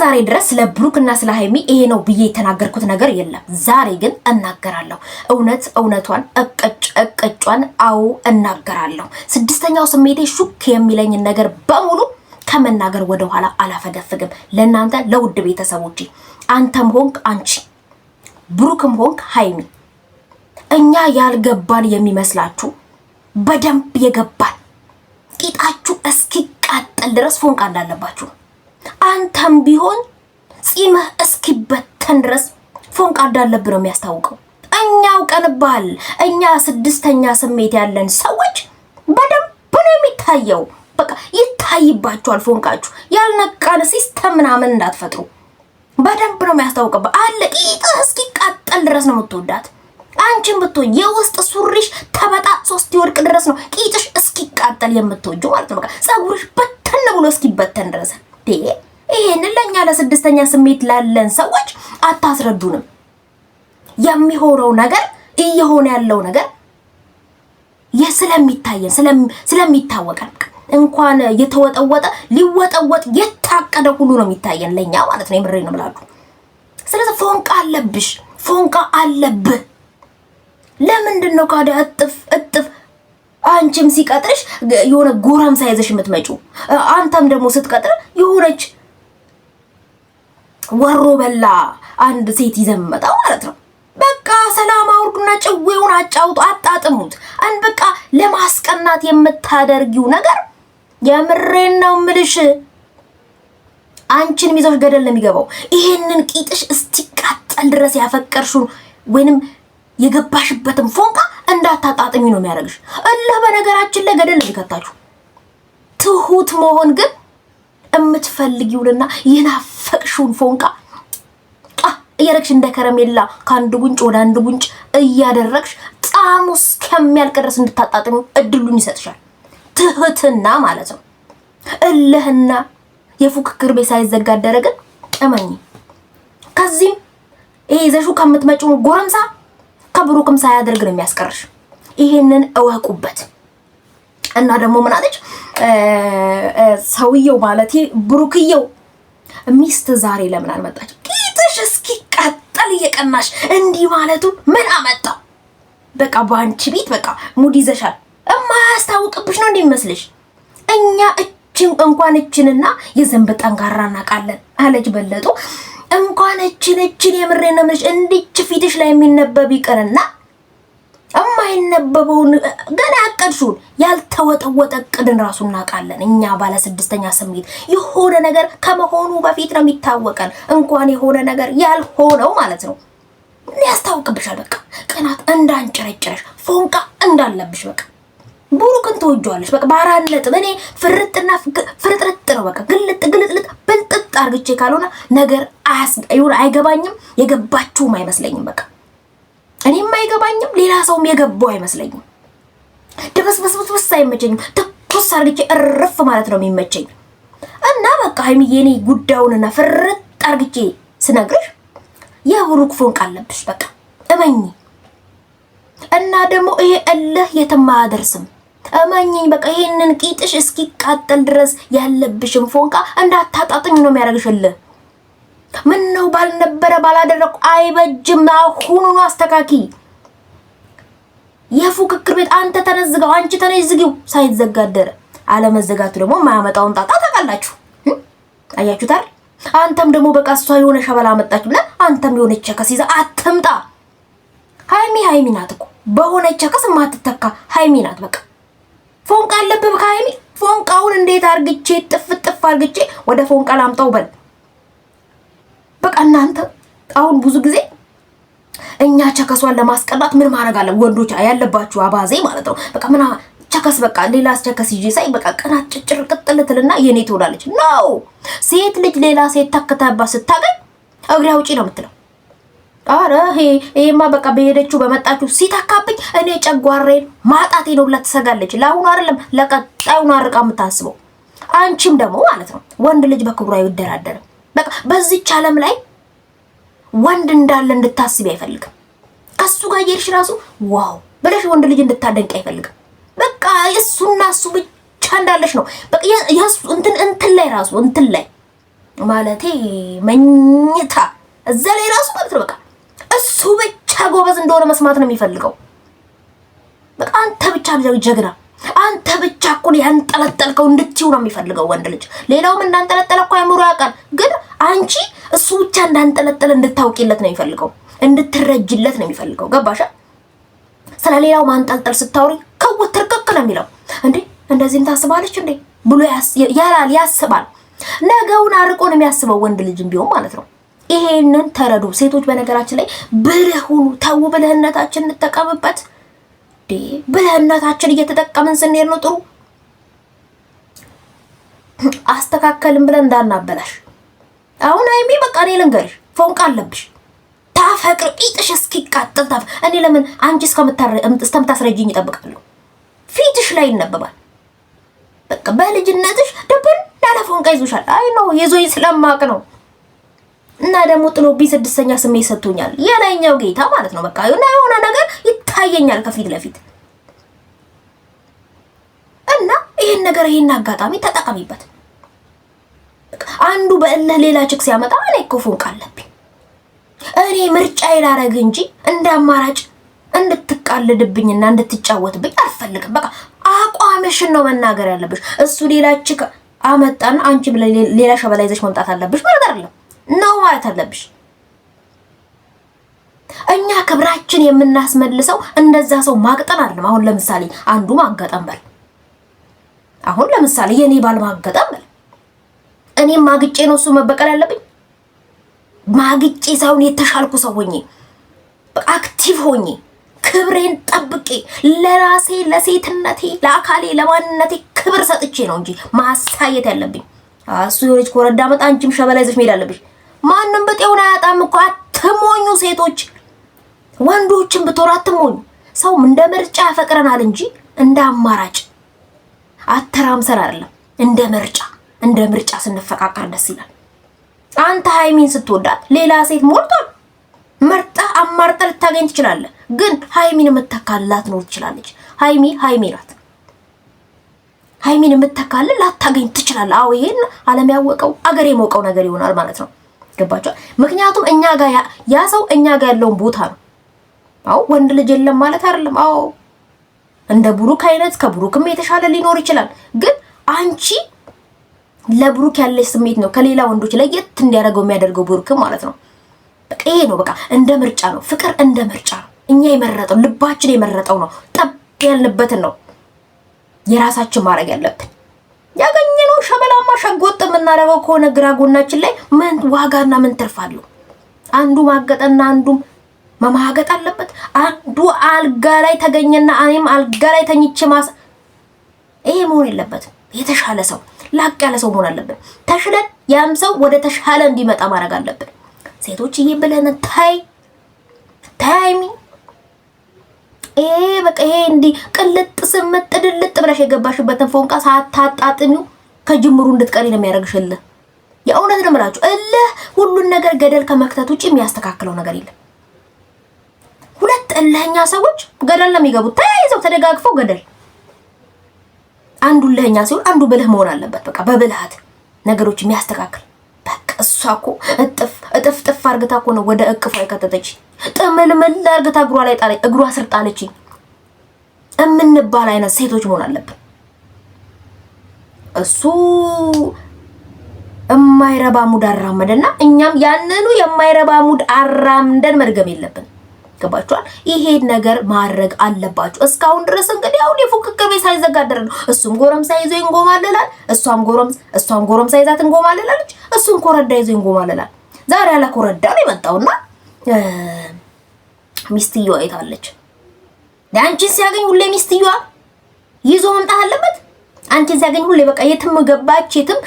ዛሬ ድረስ ስለ እና ስለ ሀይሚ ይሄ ነው ብዬ የተናገርኩት ነገር የለም። ዛሬ ግን እናገራለሁ። እውነት እውነቷን፣ እቀጭ እቅጯን፣ አዎ እናገራለሁ። ስድስተኛው ስሜቴ ሹክ የሚለኝን ነገር በሙሉ ከመናገር ወደኋላ አላፈገፍግም። ለእናንተ ለውድ ቤተሰቦች አንተም ሆንክ አንቺ፣ ብሩክም ሆንክ ሀይሚ፣ እኛ ያልገባን የሚመስላችሁ በደንብ የገባን ቂጣችሁ እስኪቃጠል ድረስ ፎንቃ እንዳለባችሁ አንተም ቢሆን ፂምህ እስኪበተን ድረስ ፎንቃ አለብህ ነው የሚያስታውቀው። እኛ አውቀንብሃል። እኛ ስድስተኛ ስሜት ያለን ሰዎች በደንብ ነው የሚታየው። በቃ ይታይባችኋል ፎንቃችሁ። ያልነቃን ሲስተም ምናምን እንዳትፈጥሩ። በደንብ ነው የሚያስታውቅብህ። አለ ቂጥህ እስኪቃጠል ድረስ ነው የምትወዳት። አንቺን ብትሆን የውስጥ ሱሪሽ ሶስት ይወድቅ ድረስ ነው ቂጥሽ እስኪቃጠል የምትወጁ ማለት ነው። በቃ ፀጉርሽ በተን ብሎ እስኪበተን ድረስ ይሄንን ለእኛ ለስድስተኛ ስሜት ላለን ሰዎች አታስረዱንም። የሚሆነው ነገር እየሆነ ያለው ነገር ስለሚታየን ስለሚታወቀን እንኳን የተወጠወጠ ሊወጠወጥ የታቀደ ሁሉ ነው የሚታየን ለእኛ ማለት ነው። የምሬ ነው ብላችሁ ስለዚህ ፎንቃ አለብሽ ፎንቃ አለብህ። ለምንድን ነው ካደ እጥፍ እጥፍ አንቺም ሲቀጥርሽ የሆነ ጎረምሳ ይዘሽ የምትመጪው አንተም ደግሞ ስትቀጥር የሆነች ወሮ በላ አንድ ሴት ይዘመጣ ማለት ነው። በቃ ሰላም አውርዱና ጭዌውን አጫውጡ፣ አጣጥሙት። አንድ በቃ ለማስቀናት የምታደርጊው ነገር የምሬን ነው ምልሽ አንቺን ይዞሽ ገደል ነው የሚገባው። ይሄንን ቂጥሽ እስኪቃጠል ድረስ ያፈቀርሽውን ወይንም የገባሽበትን ፎንቃ እንዳታጣጥሚ ነው የሚያደርግሽ። እልህ በነገራችን ላይ ገደል የሚከታችሁ። ትሁት መሆን ግን የምትፈልጊውንና የናፈቅሽውን ፎንቃ እያደረግሽ እንደ ከረሜላ ከአንድ ጉንጭ ወደ አንድ ጉንጭ እያደረግሽ ጣዕሙ እስከሚያልቅ ድረስ እንድታጣጥሚ እድሉን ይሰጥሻል። ትህትና ማለት ነው። እልህና የፉክክር ቤት ሳይዘጋ አደረግን ቅመኝ። ከዚህም ይሄ ይዘሹ ከምትመጪውን ጎረምሳ ብሩክም ሳያደርግ ነው የሚያስቀርሽ። ይሄንን እወቁበት። እና ደግሞ ምን አለች ሰውየው ማለት ብሩክየው ሚስት ዛሬ ለምን አልመጣች? ቂጥሽ እስኪቃጠል እየቀናሽ እንዲህ ማለቱ ምን አመጣው? በቃ በአንቺ ቤት በቃ ሙድ ይዘሻል። እማያስታውቅብሽ ነው እንደሚመስልሽ። እኛ እችን እንኳን እችንና የዘንብ ጠንካራ እናውቃለን አለች በለጡ። እንኳን እችን እችን የምሬ ነው የምልሽ እንዲች ፊትሽ ላይ የሚነበብ ይቅርና የማይነበበውን ገና ያቀድሽውን ያልተወጠወጠ እቅድን ራሱ እናውቃለን። እኛ ባለ ስድስተኛ ስሜት የሆነ ነገር ከመሆኑ በፊት ነው የሚታወቀን። እንኳን የሆነ ነገር ያልሆነው ማለት ነው ያስታውቅብሻል። በቃ ቅናት እንዳንጨረጭረሽ ፎንቃ እንዳለብሽ በቃ ቡሩክን ትወጂዋለሽ። በቃ በአራት ነጥብ እኔ ፍርጥና ፍርጥርጥ ነው በቃ ግልጥ ግልጥ ልጥ አርግቼ ካልሆነ ነገር አይገባኝም፣ የገባችሁም አይመስለኝም። በቃ እኔም አይገባኝም፣ ሌላ ሰውም የገባው አይመስለኝም። ድብስብስብስ አይመቸኝም። ትኩስ አርግቼ እርፍ ማለት ነው የሚመቸኝ። እና በቃ ሀይሚዬ እኔ ጉዳዩንና ፍርጥ አርግቼ ስነግርሽ የብሩክ ፎንቅ አለብሽ። በቃ እመኝ እና ደግሞ ይሄ እልህ የትም አያደርስም። እመኝኝ በቃ ይሄንን ቂጥሽ እስኪቃጠል ድረስ ያለብሽን ፎንቃ እንዳታጣጥኝ ነው የሚያደርግሽል። ምን ነው ባልነበረ ባላደረኩ አይበጅም። ነው አስተካኪ። የፉክክር ቤት አንተ ተነዝገው አንቺ ተነዝጊው ሳይዘጋደረ አለመዘጋቱ ደግሞ የማያመጣውን ጣጣ ታውቃላችሁ። አያችሁታል። አንተም ደግሞ በቃ እሷ የሆነ ሸበላ መጣች ብለህ አንተም የሆነ ቸከስ ይዘህ አትምጣ። ሀይሚ ሀይሚ ናት እኮ በሆነ ቸከስ ማትተካ ሀይሚ ናት በቃ ፎንቃ አለብህ ከሀይሚ ፎንቃውን እንዴት አርግቼ ጥፍ ጥፍ አርግቼ ወደ ፎንቃ ላምጣው? በል በቃ እናንተ አሁን ብዙ ጊዜ እኛ ቸከሷን ለማስቀላት ምን ማድረግ አለ ወንዶች ያለባችሁ አባዜ ማለት ነው። በቃ ምን ቸከስ በቃ ሌላ ቸከስ ይዤ ሳይ በቃ ቀናት ጭጭር ቅጥልትልና የኔ ትሆናለች ኖ ሴት ልጅ ሌላ ሴት ተከታባ ስታገኝ እግሬ አውጪ ነው የምትለው። ኧረ ይሄማ በቃ በሄደችው በመጣችው ሲተካብኝ እኔ ጨጓራዬን ማጣቴ ነው ብላ ትሰጋለች። ለአሁኑ አይደለም ለቀጣዩን አርቃ የምታስበው አንቺም ደግሞ ማለት ነው። ወንድ ልጅ በክብሩ አይደራደርም። በቃ በዚች ዓለም ላይ ወንድ እንዳለ እንድታስቢ አይፈልግም። ከሱ ጋር እየሄድሽ ራሱ ዋው ብለሽ ወንድ ልጅ እንድታደንቅ አይፈልግም። በቃ እሱና እሱ ብቻ እንዳለሽ ነው። በቃ የሱ እንትን እንትን ላይ ራሱ እንትን ላይ ማለቴ መኝታ እዛ ላይ ራሱ ማለት ነው በቃ እሱ ብቻ ጎበዝ እንደሆነ መስማት ነው የሚፈልገው። በቃ አንተ ብቻ ጀግና፣ አንተ ብቻ እኮ ያንጠለጠልከው እንድትይው ነው የሚፈልገው ወንድ ልጅ። ሌላውም እንዳንጠለጠለ እኮ አእምሮ ያውቃል፣ ግን አንቺ እሱ ብቻ እንዳንጠለጠለ እንድታውቂለት ነው የሚፈልገው፣ እንድትረጅለት ነው የሚፈልገው። ገባሻ? ስለ ሌላው ማንጠልጠል ስታወሪ ከውት ነው የሚለው። እንዴ እንደዚህም ታስባለች እንዴ ብሎ ያላል፣ ያስባል። ነገውን አርቆ ነው የሚያስበው ወንድ ልጅም ቢሆን ማለት ነው። ይሄንን ተረዱ ሴቶች። በነገራችን ላይ ብልህ ሁኑ። ተው ብልህነታችን እንጠቀምበት። ብልህነታችን እየተጠቀምን ስንሄድ ነው ጥሩ። አስተካከልን ብለን እንዳናበላሽ። አሁን አይሚ በቃ እኔ ልንገርሽ፣ ፎንቃ አለብሽ ታፈቅር ቂጥሽ እስኪቃጠል ታፍ እኔ ለምን አንቺ እስከምታስረጅኝ እጠብቃለሁ። ፊትሽ ላይ ይነበባል። በቃ በልጅነትሽ ደብን ያለ ፎንቃ ይዞሻል። አይ ነው የዞኝ ስለማቅ ነው። እና ደግሞ ጥሎብኝ ስድስተኛ ስሜት ሰጥቶኛል የላይኛው ጌታ ማለት ነው። በቃ እና የሆነ ነገር ይታየኛል ከፊት ለፊት እና ይሄን ነገር ይሄን አጋጣሚ ተጠቀሚበት። አንዱ በእልህ ሌላ ችክ ሲያመጣ እኔ እኮ ፎንቅ እኔ ምርጫ ይላረግ እንጂ እንደ አማራጭ እንድትቃልድብኝና እንድትጫወትብኝ አልፈልግም። በቃ አቋምሽን ነው መናገር ያለብሽ። እሱ ሌላ ችክ አመጣን አንቺ ሌላ ሸበላ ይዘሽ መምጣት አለብሽ ማለት አይደለም። ነው ማለት አለብሽ። እኛ ክብራችን የምናስመልሰው እንደዛ ሰው ማቅጠን አለም። አሁን ለምሳሌ አንዱ ማገጠም በል አሁን ለምሳሌ የኔ ባል ማገጠም በል እኔም ማግጬ ነው እሱ መበቀል ያለብኝ ማግጬ ሳይሆን የተሻልኩ ሰው ሆኜ አክቲቭ ሆኜ ክብሬን ጠብቄ ለራሴ ለሴትነቴ፣ ለአካሌ፣ ለማንነቴ ክብር ሰጥቼ ነው እንጂ ማሳየት ያለብኝ። እሱ የሆነች ኮረዳ መጣ፣ አንቺም ሸበላ ይዘሽ መሄድ አለብሽ። ማንም ብጤውን አያጣም እኮ አትሞኙ ሴቶች፣ ወንዶችን ብትወር አትሞኙ። ሰው እንደ ምርጫ ያፈቅረናል እንጂ እንደ አማራጭ አተራምሰን አይደለም። እንደ ምርጫ እንደ ምርጫ ስንፈቃቀር ደስ ይላል። አንተ ሃይሚን ስትወዳት ሌላ ሴት ሞልቷል። መርጣ አማርጠ ልታገኝ ትችላለህ፣ ግን ሃይሚን የምተካላት ኖር ትችላለች። ሃይሚ ሃይሚ ናት። ሃይሚን የምተካልን ላታገኝ ትችላለህ። አዎ ይሄን አለም ያወቀው አገር የሞቀው ነገር ይሆናል ማለት ነው። ገባቸዋል። ምክንያቱም እኛ ጋር ያ ሰው እኛ ጋር ያለውን ቦታ ነው። አዎ ወንድ ልጅ የለም ማለት አይደለም። አዎ እንደ ብሩክ አይነት ከብሩክም የተሻለ ሊኖር ይችላል። ግን አንቺ ለብሩክ ያለሽ ስሜት ነው ከሌላ ወንዶች ለየት እንዲያደርገው የሚያደርገው ብሩክ ማለት ነው። በቃ ይሄ ነው። በቃ እንደ ምርጫ ነው። ፍቅር እንደ ምርጫ ነው። እኛ የመረጠው ልባችን የመረጠው ነው። ጠብ ያልንበትን ነው የራሳችን ማድረግ ያለብን። ያገኘነው ሸበላማ ሸጎጥ የምናደርገው ከሆነ ግራ ጎናችን ላይ ምን ዋጋና ምን ትርፋለሁ? አንዱ ማገጠና አንዱ መማገጥ አለበት። አንዱ አልጋ ላይ ተገኘና እኔም አልጋ ላይ ተኝቼ ማስ ይሄ መሆን የለበትም። የተሻለ ሰው ላቅ ያለ ሰው መሆን አለብን። ተሽለን ያም ሰው ወደ ተሻለ እንዲመጣ ማድረግ አለብን። ይሄ ብለን ታይ ታይሚ ይሄ በቃ ይሄ እንዲህ ቅልጥ ስምጥ ድልጥ ብለሽ የገባሽበትን ፎንቃ ሳታጣጥሚው ከጅምሩ እንድትቀሪ ነው የሚያደርግሽልህ። የእውነት ነው የምላችሁ። እልህ ሁሉን ነገር ገደል ከመክተት ውጭ የሚያስተካክለው ነገር የለም። ሁለት እልህኛ ሰዎች ገደል ነው የሚገቡት። ተያይዘው ተደጋግፈው ገደል። አንዱ እልህኛ ሲሆን አንዱ ብልህ መሆን አለበት። በቃ በብልሃት ነገሮች የሚያስተካክል በቃ እሷ እኮ እጥፍ እጥፍ ጥፍ አርግታ እኮ ነው ወደ እቅፏ የከተተች ጥምልምል አድርገታ እግሯ ላይ ጣለች። እግሯ ስር ጣለችኝ እምንባል አይነት ሴቶች መሆን አለብን። እሱ የማይረባ ሙድ አራመደና እኛም ያንኑ የማይረባ ሙድ አራምደን መድገም የለብን። ገባችኋል? ይሄን ነገር ማድረግ አለባችሁ። እስካሁን ድረስ እንግዲህ አሁን የፉክክር ቤት ሳይዘጋ ደረ ነው። እሱም ጎረምሳ ይዞ ይንጎማልላል፣ እሷም ጎረምሳ እሷም ጎረምሳ ይዛት እንጎማልላለች፣ እሱም ኮረዳ ይዞ ይንጎማልላል። ዛሬ ያለ ኮረዳ ነው የመጣውና ሚስትየዋ የታለች? አንቺን ሲያገኝ ሁሌ ሚስትየዋ ይዞ መምጣት አለበት። አንቺን ሲያገኝ ሁሌ በቃ የትም ገባች፣ የትም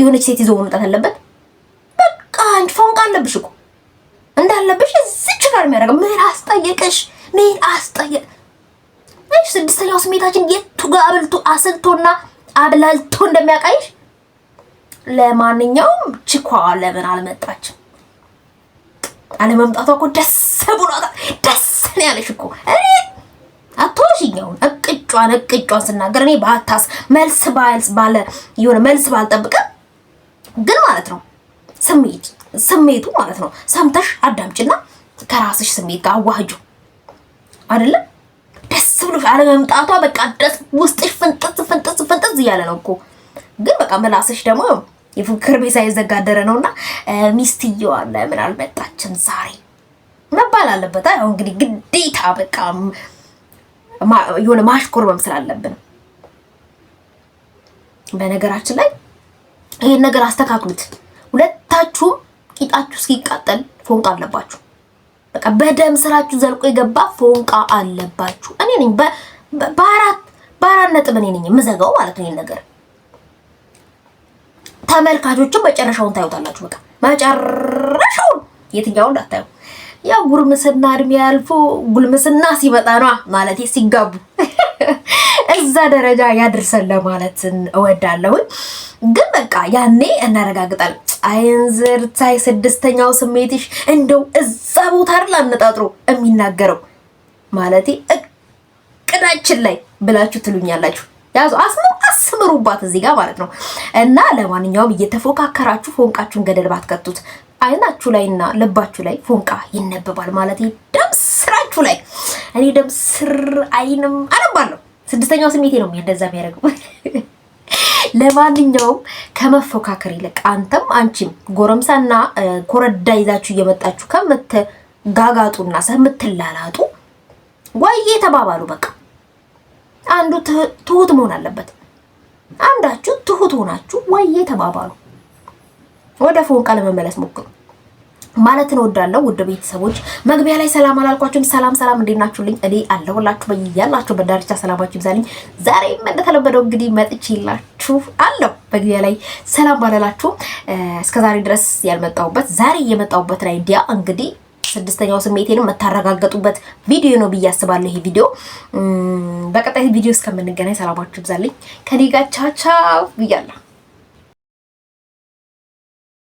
የሆነች ሴት ይዞ መምጣት አለበት። በቃ አንቺ ፎንቃ አለብሽ እኮ እንዳለብሽ እዚች ጋር የሚያደርገው ምን አስጠየቀሽ? ምን አስጠየቅ ስድስተኛው ስሜታችን የቱ ጋር አብልቶ አስልቶና አብላልቶ እንደሚያቃይሽ ለማንኛውም ችኳ ለምን አልመጣችም? አለመምጣቷ እኮ ደስ ብሏታል። ደስ ነው ያለሽ እኮ አቶሽኛውን እቅጯን እቅጯን ስናገር እኔ ባታስ መልስ ባልስ ባለ የሆነ መልስ ባልጠብቅም ግን ማለት ነው ስሜት ስሜቱ ማለት ነው ሰምተሽ አዳምጭና ከራስሽ ስሜት ጋር አዋህጁ አይደለም ደስ ብሎሽ አለመምጣቷ በቃ ደስ ውስጥሽ ፍንጥዝ ፍንጥዝ ፍንጥዝ እያለ ነው እኮ ግን በቃ መላስሽ ደግሞ የፉክክር ቤት ሳይዘጋ ነውና ሚስትየዋ ለምን አልመጣችም ዛሬ መባል አለበት። አሁን እንግዲህ ግዴታ በቃ የሆነ ማሽኮርመም አለብን በነገራችን ላይ ይሄን ነገር አስተካክሉት። ሁለታችሁም ቂጣችሁ እስኪቃጠል ፎንቃ አለባችሁ። በቃ በደም ስራችሁ ዘልቆ የገባ ፎንቃ አለባችሁ። እኔ ነኝ በአራት በአራት ነጥብ እኔ ነኝ የምዘጋው ማለት ነው ይሄን ነገር ተመልካቾችን መጨረሻውን ታዩታላችሁ። በቃ መጨረሻውን የትኛውን እንዳታዩ። ያው ጉርምስና እድሜ ያልፎ ጉልምስና ሲመጣ ነዋ ማለት ሲጋቡ እዛ ደረጃ ያድርሰን ለማለት እወዳለሁኝ። ግን በቃ ያኔ እናረጋግጣለን። ታይ ስድስተኛው ስሜትሽ እንደው እዛ ቦታ አይደል አነጣጥሮ የሚናገረው ማለቴ እቅዳችን ላይ ብላችሁ ትሉኛላችሁ። ያዙ አስሙ አስምሩባት እዚህ ጋር ማለት ነው። እና ለማንኛውም እየተፎካከራችሁ ፎንቃችሁን ገደል ባትከቱት አይናችሁ ላይ እና ልባችሁ ላይ ፎንቃ ይነበባል ማለት ደም ስራችሁ ላይ እኔ ደም ስር አይንም አነባለሁ። ስድስተኛው ስሜቴ ነው እንደዛ የሚያደርገው። ለማንኛውም ከመፎካከር ይልቅ አንተም አንቺም ጎረምሳና ኮረዳ ይዛችሁ እየመጣችሁ ከምትጋጋጡና ከምትላላጡ ወይ የተባባሉ በቃ አንዱ ትሁት መሆን አለበት። አንዳችሁ ትሁት ሆናችሁ ወዬ ተባባሉ። ወደ ቃል ለመመለስ ሞክሩ ማለት እንወዳለሁ። ውድ ቤተሰቦች መግቢያ ላይ ሰላም አላልኳችሁም? ሰላም ሰላም፣ እንዴት ናችሁልኝ? እኔ አለሁላችሁ በያላችሁ በዳርቻ ሰላማችሁ ይብዛልኝ። ዛሬም እንደተለመደው እንግዲህ መጥቼላችሁ አለሁ። መግቢያ ላይ ሰላም ባላላችሁ እስከዛሬ ድረስ ያልመጣሁበት ዛሬ የመጣሁበት ላይ እንግዲህ ስድስተኛው ስሜቴንም የምታረጋገጡበት ቪዲዮ ነው ብዬ አስባለሁ። ይሄ ቪዲዮ በቀጣይ ቪዲዮ እስከምንገናኝ ሰላማችሁ ይብዛልኝ። ከኔ ጋር ቻቻው ብያለሁ።